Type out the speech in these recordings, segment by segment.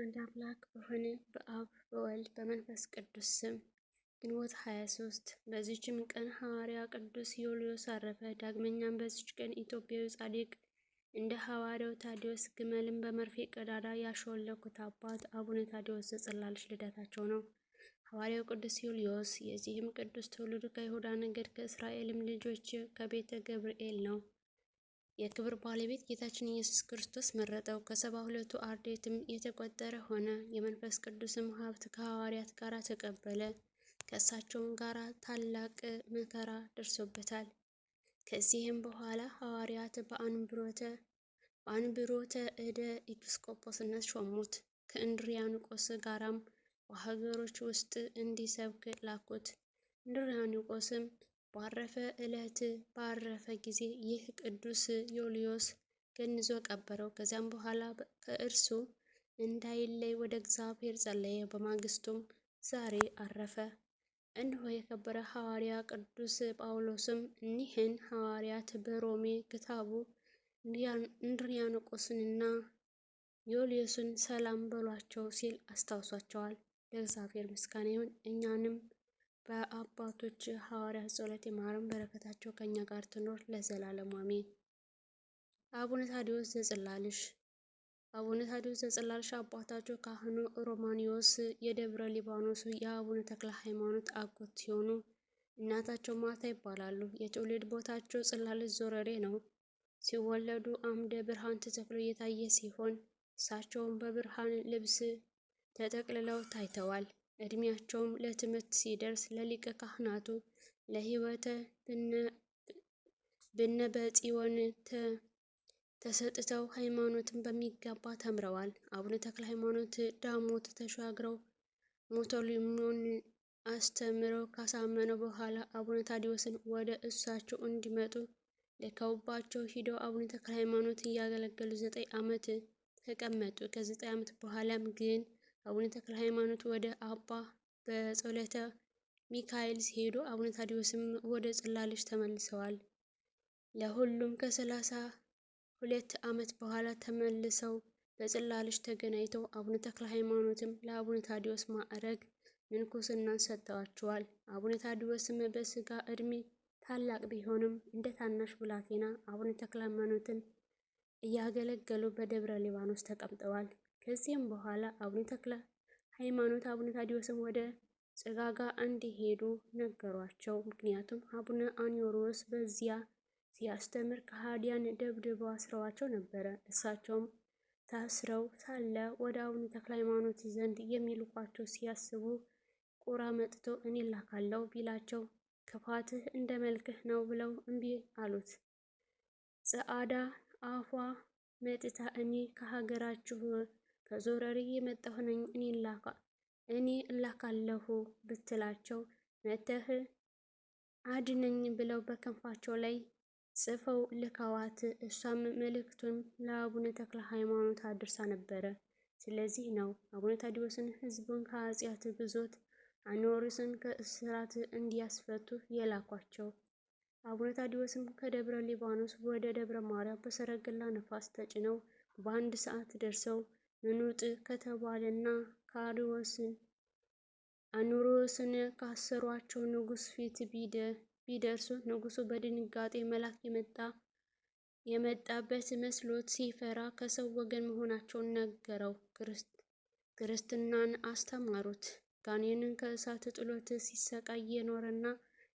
አንድ አምላክ በሆነ በአብ በወልድ በመንፈስ ቅዱስ ስም ግንቦት 23 በዚችም ቀን ሐዋርያ ቅዱስ ዮልዮስ አረፈ። ዳግመኛም በዚች ቀን ኢትዮጵያዊ ጻድቅ እንደ ሐዋርያው ታዲዮስ ግመልን በመርፌ ቀዳዳ ያሾለኩት አባት አቡነ ታዲዮስ ዘጽላልሽ ልደታቸው ነው። ሐዋርያው ቅዱስ ዮልዮስ የዚህም ቅዱስ ትውልዱ ከይሁዳ ነገድ ከእስራኤልም ልጆች ከቤተ ገብርኤል ነው። የክብር ባለቤት ጌታችን ኢየሱስ ክርስቶስ መረጠው። ከሰባ ሁለቱ አርድእትም የተቆጠረ ሆነ። የመንፈስ ቅዱስም ሀብት ከሐዋርያት ጋር ተቀበለ። ከእሳቸውም ጋር ታላቅ መከራ ደርሶበታል። ከዚህም በኋላ ሐዋርያት በአንብሮተ እደ ኤጲስቆጶስነት ሾሙት። ከእንድሪያኖስ ጋራም በሀገሮች ውስጥ እንዲሰብክ ላኩት። እንድሪያኖስም ባረፈ ዕለት ባረፈ ጊዜ ይህ ቅዱስ ዮልዮስ ገንዞ ቀበረው። ከዚያም በኋላ ከእርሱ እንዳይለይ ወደ እግዚአብሔር ጸለየ። በማግስቱም ዛሬ አረፈ። እንሆ የከበረ ሐዋርያ ቅዱስ ጳውሎስም እኒህን ሐዋርያት በሮሜ ክታቡ እንድርያኖቆስንና ዮልዮስን ሰላም በሏቸው ሲል አስታውሷቸዋል። ለእግዚአብሔር ምስጋና ይሁን እኛንም በአባቶች ሐዋርያ ጸሎት ይማረን፣ በረከታቸው ከእኛ ጋር ትኖር ለዘላለም አሜን። አቡነ ታዲዮስ ዘጽላልሽ አቡነ ታዲዮስ ዘጽላልሽ አባታቸው ካህኑ ሮማኒዮስ የደብረ ሊባኖሱ የአቡነ ተክለ ሃይማኖት አጎት ሲሆኑ እናታቸው ማታ ይባላሉ። የትውልድ ቦታቸው ጽላልሽ ዞረሬ ነው። ሲወለዱ አምደ ብርሃን ተተክሎ እየታየ ሲሆን እሳቸውም በብርሃን ልብስ ተጠቅልለው ታይተዋል። እድሜያቸውም ለትምህርት ሲደርስ ለሊቀ ካህናቱ ለሕይወተ ብነበፂዮን ተሰጥተው ሃይማኖትን በሚገባ ተምረዋል። አቡነ ተክለ ሃይማኖት ዳሞት ተሻግረው ሞቶሊሞን አስተምረው ካሳመነው በኋላ አቡነ ታዲዎስን ወደ እሳቸው እንዲመጡ ልከውባቸው ሂደው አቡነ ተክለ ሃይማኖት እያገለገሉ ዘጠኝ ዓመት ተቀመጡ። ከዘጠኝ ዓመት በኋላም ግን አቡነ ተክለ ሃይማኖት ወደ አባ በጸሎተ ሚካኤል ሲሄዱ አቡነ ታዲዮስም ወደ ጽላልሽ ተመልሰዋል። ለሁሉም ከሰላሳ ሁለት ዓመት በኋላ ተመልሰው በጽላልሽ ተገናኝተው አቡነ ተክለ ሃይማኖትም ለአቡነ ታዲዮስ ማዕረግ ምንኩስናን ሰጥተዋቸዋል። አቡነ ታዲዮስም በስጋ እድሜ ታላቅ ቢሆንም እንደ ታናሽ ብላቴና አቡነ ተክለ ሃይማኖትን እያገለገሉ በደብረ ሊባኖስ ተቀምጠዋል። ከዚህም በኋላ አቡነ ተክለ ሃይማኖት አቡነ ታዲዮስም ወደ ጽጋጋ እንዲሄዱ ነገሯቸው። ምክንያቱም አቡነ አኒዮሮስ በዚያ ሲያስተምር ከሃዲያን ደብድበው አስረዋቸው ነበረ። እሳቸውም ታስረው ሳለ ወደ አቡነ ተክለ ሃይማኖት ዘንድ የሚልኳቸው ሲያስቡ ቁራ መጥቶ እኔ ላካለው ቢላቸው ክፋትህ እንደ መልክህ ነው ብለው እምቢ አሉት። ጸአዳ አፏ መጥታ እኔ ከሀገራችሁ ከዞረሪ የመጣሁ ነኝ እኔ እላካለሁ ብትላቸው መተህ አድነኝ ብለው በከንፋቸው ላይ ጽፈው ልካዋት እሷም መልእክቱን ለአቡነ ተክለ ሃይማኖት አድርሳ ነበረ። ስለዚህ ነው አቡነ ታዲዎስን ህዝቡን ከአጽያት ግዞት አኖርስን ከእስራት እንዲያስፈቱ የላኳቸው። አቡነ ታዲዎስም ከደብረ ሊባኖስ ወደ ደብረ ማርያም በሰረገላ ነፋስ ተጭነው በአንድ ሰዓት ደርሰው ምኑጥ ከተባለና ከአርዮስን አኑሮስን ካሰሯቸው ንጉሥ ፊት ቢደርሱ ንጉሱ በድንጋጤ መልአክ የመጣ የመጣበት መስሎት ሲፈራ ከሰው ወገን መሆናቸውን ነገረው። ክርስትናን አስተማሩት። ጋኔንን ከእሳት ጥሎት ሲሰቃይ የኖረና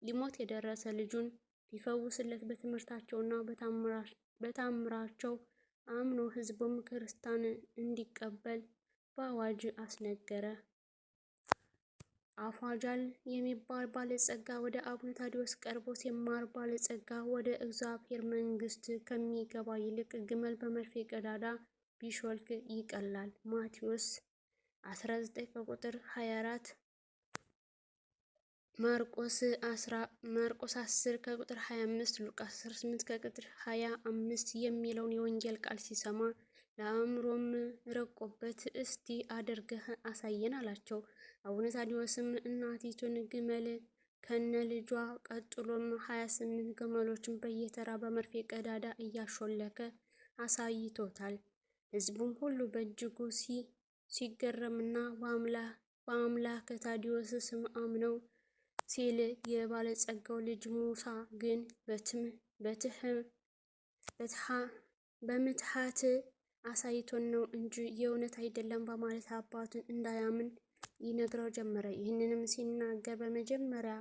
ሊሞት የደረሰ ልጁን ቢፈውስለት በትምህርታቸውና በታምራቸው አምኖ ህዝቡም ክርስታን እንዲቀበል በአዋጅ አስነገረ። አፏጃል የሚባል ባለጸጋ ወደ አቡነ ታዲዎስ ቀርቦ ሲማር ባለጸጋ ወደ እግዚአብሔር መንግስት ከሚገባ ይልቅ ግመል በመርፌ ቀዳዳ ቢሾልክ ይቀላል። ማቴዎስ 19 ቁጥር 24 ማርቆስ 10 ከቁጥር 25 ሉቃስ 18 ከቁጥር 25 የሚለውን የወንጌል ቃል ሲሰማ ለአእምሮም ረቆበት እስቲ አድርገህ አሳየን አላቸው። አቡነ ታዲዎስም እናቲቱን ግመል ከነ ልጇ ቀጥሎም 28 ግመሎችን በየተራ በመርፌ ቀዳዳ እያሾለከ አሳይቶታል። ሕዝቡም ሁሉ በእጅጉ ሲገረምና በአምላክ ታዲዎስ ስም አምነው ሲል የባለጸጋው ልጅ ሙሳ ግን በምትሃት አሳይቶን ነው እንጂ የእውነት አይደለም በማለት አባቱን እንዳያምን ይነግረው ጀመረ። ይህንንም ሲናገር በመጀመሪያ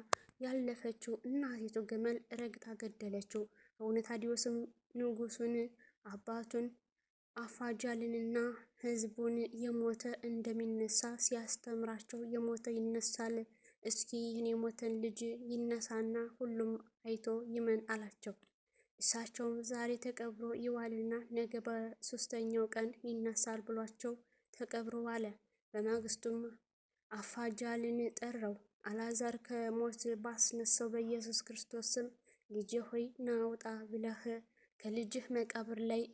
ያለፈችው እናቲቱ ግመል ረግጣ ገደለችው። እውነት አዲዮስም ንጉሱን አባቱን አፋጃልንና ህዝቡን የሞተ እንደሚነሳ ሲያስተምራቸው የሞተ ይነሳል እስኪ ይህን የሞተን ልጅ ይነሳና ሁሉም አይቶ ይመን አላቸው። እሳቸውም ዛሬ ተቀብሮ ይዋልና ነገ በሶስተኛው ቀን ይነሳል ብሏቸው ተቀብሮ ዋለ። በማግስቱም አፋጃልን ጠራው። አላዛር ከሞት ባስነሳው በኢየሱስ ክርስቶስ ስም ልጄ ሆይ ናውጣ ብለህ ከልጅህ መቃብር ላይ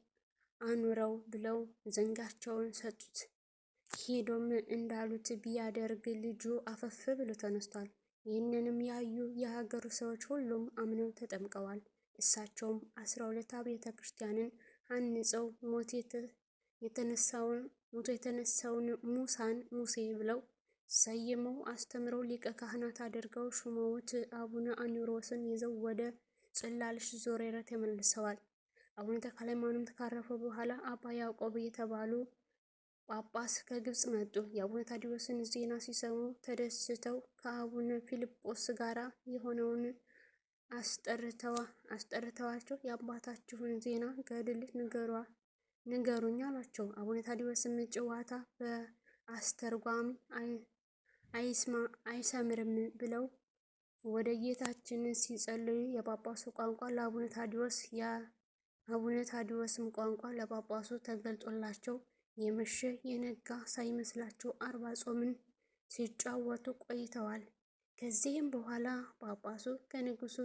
አኑረው ብለው ዘንጋቸውን ሰጡት። ሄዶም እንዳሉት ቢያደርግ ልጁ አፈፍ ብሎ ተነስቷል። ይህንንም ያዩ የሀገሩ ሰዎች ሁሉም አምነው ተጠምቀዋል። እሳቸውም አስራ ሁለት አብያተ ክርስቲያንን አንጸው ሞት የተነሳውን ሞቶ የተነሳውን ሙሳን ሙሴ ብለው ሰይመው አስተምረው ሊቀ ካህናት አድርገው ሹመውት አቡነ አኒሮስን ይዘው ወደ ጽላልሽ ዞሬረ ተመልሰዋል። አቡነ ተክለ ሃይማኖት ካረፈ በኋላ አባ ያዕቆብ የተባሉ ጳጳስ ከግብፅ መጡ። የአቡነ ታዲዎስን ዜና ሲሰሙ ተደስተው ከአቡነ ፊልጶስ ጋር የሆነውን አስጠርተዋቸው የአባታችሁን ዜና ገድል ንገሩኝ አሏቸው። አቡነ ታዲዎስም ጨዋታ በአስተርጓሚ አይሰምርም ብለው ወደ ጌታችን ሲጸልዩ የጳጳሱ ቋንቋ ለአቡነ ታዲዎስ የአቡነ ታዲዎስም ቋንቋ ለጳጳሱ ተገልጦላቸው የመሸ የነጋ ሳይመስላቸው አርባ ጾምን ሲጫወቱ ቆይተዋል። ከዚህም በኋላ ጳጳሱ ከንጉሱ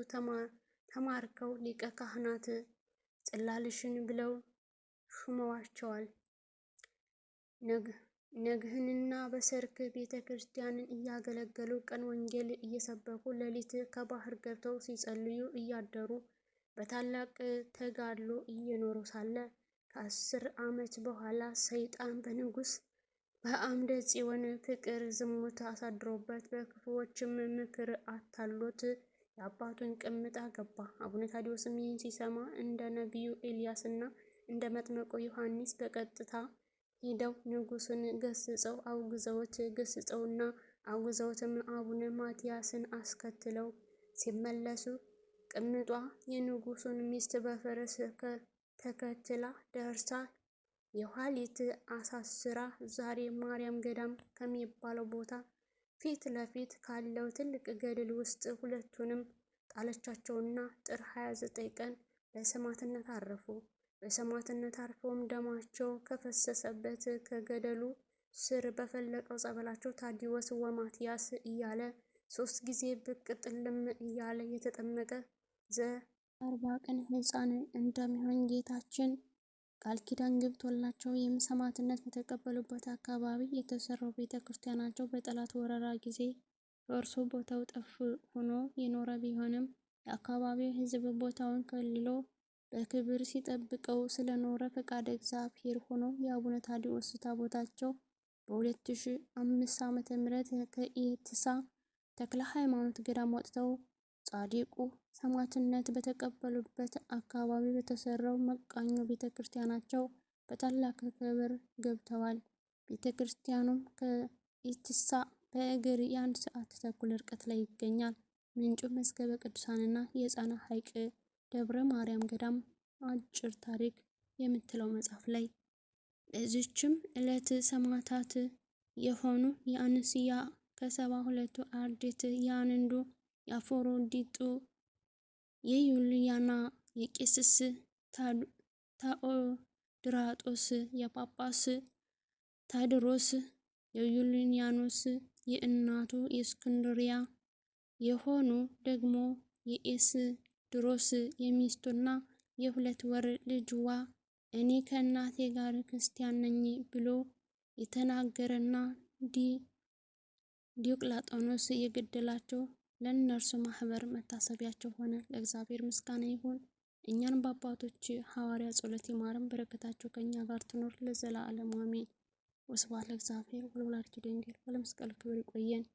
ተማርከው ሊቀ ካህናት ጽላልሽን ብለው ሹመዋቸዋል። ነግህንና በሰርክ ቤተ ክርስቲያንን እያገለገሉ ቀን ወንጌል እየሰበኩ ሌሊት ከባህር ገብተው ሲጸልዩ እያደሩ በታላቅ ተጋድሎ እየኖሩ ሳለ ከአስር ዓመት በኋላ ሰይጣን በንጉሥ በአምደ ጽዮን ፍቅር ዝሙት አሳድሮበት በክፉዎችም ምክር አታሎት የአባቱን ቅምጥ አገባ። አቡነ ታዲዎስም ይህን ሲሰማ እንደ ነቢዩ ኤልያስና እንደ መጥመቆ ዮሐንስ በቀጥታ ሄደው ንጉሱን ገስጸው አውግዘውት ገስጸውና አውግዘውትም አቡነ ማትያስን አስከትለው ሲመለሱ ቅምጧ የንጉሱን ሚስት በፈረስ ተከትላ ደርሳ የኋሊት አሳስራ ዛሬ ማርያም ገዳም ከሚባለው ቦታ ፊት ለፊት ካለው ትልቅ ገደል ውስጥ ሁለቱንም ጣለቻቸውና ጥር 29 ቀን በሰማዕትነት አረፉ። በሰማዕትነት አርፈውም ደማቸው ከፈሰሰበት ከገደሉ ስር በፈለቀው ጸበላቸው ታዲዎስ ወማትያስ እያለ ሶስት ጊዜ ብቅ ጥልም እያለ የተጠመቀ ዘ አርባ ቀን ሕፃን እንደሚሆን ጌታችን ቃል ኪዳን ገብቶላቸው የምሰማትነት በተቀበሉበት አካባቢ የተሰራው ቤተ ክርስቲያናቸው በጠላት ወረራ ጊዜ ፈርሶ ቦታው ጠፍ ሆኖ የኖረ ቢሆንም የአካባቢው ሕዝብ ቦታውን ከልሎ በክብር ሲጠብቀው ስለኖረ ፈቃደ እግዚአብሔር ሆኖ የአቡነ ታዲዎስ ታቦታቸው በ2005 ዓ.ም ከኢትሳ ተክለ ሃይማኖት ገዳም ወጥተው ጻድቁ ሰማዕትነት በተቀበሉበት አካባቢ በተሰራው መቃኞ ቤተ ክርስቲያናቸው በታላቅ ክብር ገብተዋል። ቤተ ክርስቲያኑም ከኢትሳ በእግር የአንድ ሰዓት ተኩል ርቀት ላይ ይገኛል። ምንጩ መዝገበ ቅዱሳንና የጣና ሐይቅ ደብረ ማርያም ገዳም አጭር ታሪክ የምትለው መጽሐፍ ላይ በዚችም ዕለት ሰማዕታት የሆኑ የአንስያ ከሰባ ሁለቱ አርድእት የአንዱ የአፎሮዲጡ የዩልያና የቄስስ ታኦድራጦስ የጳጳስ ታድሮስ የዩልያኖስ የእናቱ የእስክንድሪያ የሆኑ ደግሞ ድሮስ የሚስቱና የሁለት ወር ልጅዋ እኔ ከእናቴ ጋር ክርስቲያን ነኝ ብሎ የተናገረና ዲዮቅላጦኖስ የገደላቸው ለእነርሱ ማህበር መታሰቢያቸው ሆነ። ለእግዚአብሔር ምስጋና ይሁን። እኛን በአባቶች ሐዋርያ ጸሎት ይማረን። በረከታቸው ከእኛ ጋር ትኖር ለዘላለም አሜን። ወስብሐት ለእግዚአብሔር ወለወላዲቱ ድንግል ወለመስቀሉ ክብር። ይቆየን።